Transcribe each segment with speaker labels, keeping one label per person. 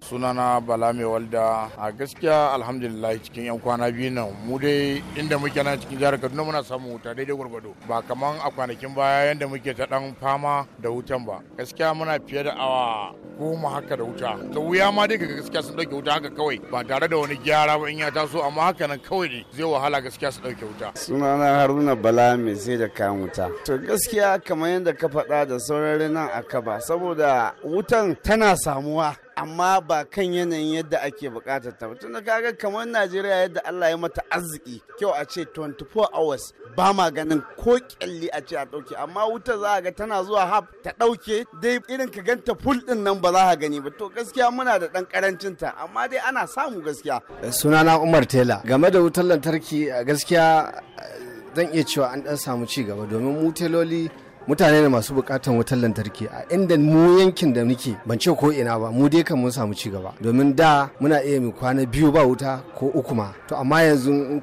Speaker 1: sunana bala mai walda a gaskiya alhamdulillah cikin yan kwana biyu nan mu dai inda muke nan cikin jihar kaduna muna samun wuta daidai gwargwado ba kaman a kwanakin baya yadda muke ta dan fama da wutan ba gaskiya muna fiye da awa goma haka da wuta da wuya ma dai kaga gaskiya sun dauke wuta haka kawai ba tare da wani gyara ba in ya taso amma haka nan kawai ne zai wahala gaskiya su dauke wuta
Speaker 2: sunana haruna bala mai zai da kayan wuta to gaskiya kamar yadda ka faɗa da saurari nan a kaba saboda wutan tana samuwa amma ba kan yanayin yadda ake bukatar ta tunda kaga kamar Najeriya yadda Allah ya mata arziki kyau a ce 24 hours ba ma ganin ko kyalli a ce a dauke amma wuta za a ga tana zuwa hab ta dauke dai irin ka ganta full din nan ba za ka gani ba to gaskiya muna da dan karancin ta amma dai ana samu gaskiya
Speaker 3: sunana Umar Tela game da wutar lantarki gaskiya eh, zan iya cewa an dan samu ci gaba domin mu teloli mutane ne masu bukatan wutar lantarki a inda mu yankin da muke ban ce ko ina ba mu dai kan mun samu ci gaba domin da muna iya mu kwana biyu ba wuta ko uku ma to amma yanzu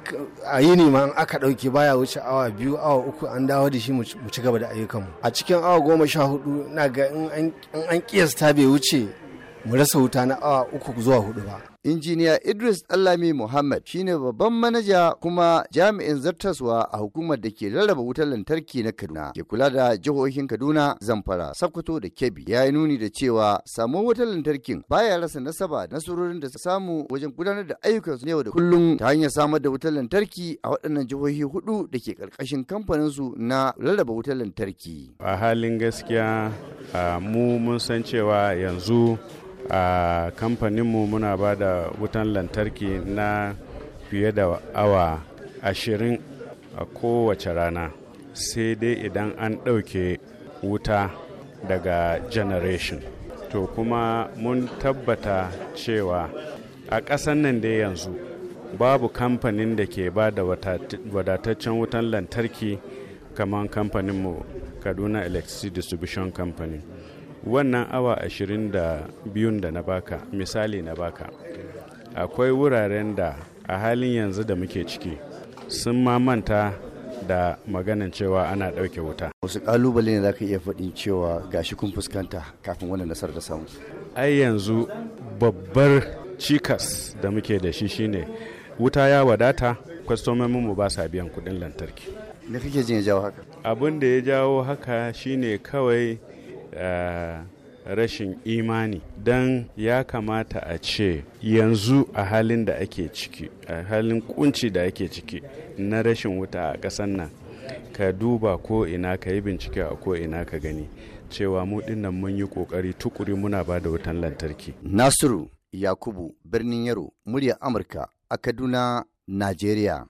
Speaker 3: a yi ne ma aka dauke baya wuce awa biyu awa uku an dawo da shi mu ci gaba da ayyukan mu a cikin awa goma sha hudu na ga in an kiyasta bai wuce mu rasa wuta na awa uku zuwa hudu ba Injiniya Idris Allami Muhammad shine babban manaja kuma
Speaker 4: jami'in zartaswa a hukumar da ke rarraba wutar lantarki na Kaduna ke kula da jihohin Kaduna, Zamfara, Sokoto da Kebbi. Ya yi nuni da cewa samu wutar lantarkin baya rasa nasaba da nasarorin da samu wajen gudanar da ayyukan su yau da kullum ta hanyar samar da wutar lantarki a waɗannan jihohi hudu da ke ƙarƙashin kamfanin su na rarraba wutar lantarki.
Speaker 1: A halin gaskiya mu mun san cewa yanzu a kamfaninmu muna ba da wutan lantarki na fiye da awa ashirin a kowace rana sai dai idan an ɗauke wuta daga generation to kuma mun tabbata cewa a ƙasan nan dai yanzu babu kamfanin da ke ba da wadataccen wutan lantarki kamar kamfaninmu kaduna electricity distribution company wannan awa ashirin da biyun da na baka misali na baka akwai wuraren da a halin yanzu da muke ciki sun mamanta da maganin cewa ana ɗauke wuta. Wasu ƙalubale ne za ka iya faɗin cewa gashi kun fuskanta kafin wannan nasarar da samu. Ai yanzu babbar cikas da muke da shi shine wuta ya wadata kwastomomin mu ba sa biyan kuɗin lantarki. Me kake jin ya jawo haka? Abin da ya jawo haka shine kawai Eh, rashin imani don ya kamata a ce yanzu a halin da ake ciki a halin kunci da ake ciki na rashin wuta a ƙasan nan ka duba ko ina ka yi bincike a ko ina ka gani cewa mu dinnan mun yi kokari tukuri muna ba da wutan lantarki
Speaker 4: nasiru yakubu birnin yaro muryar amurka a kaduna najeriya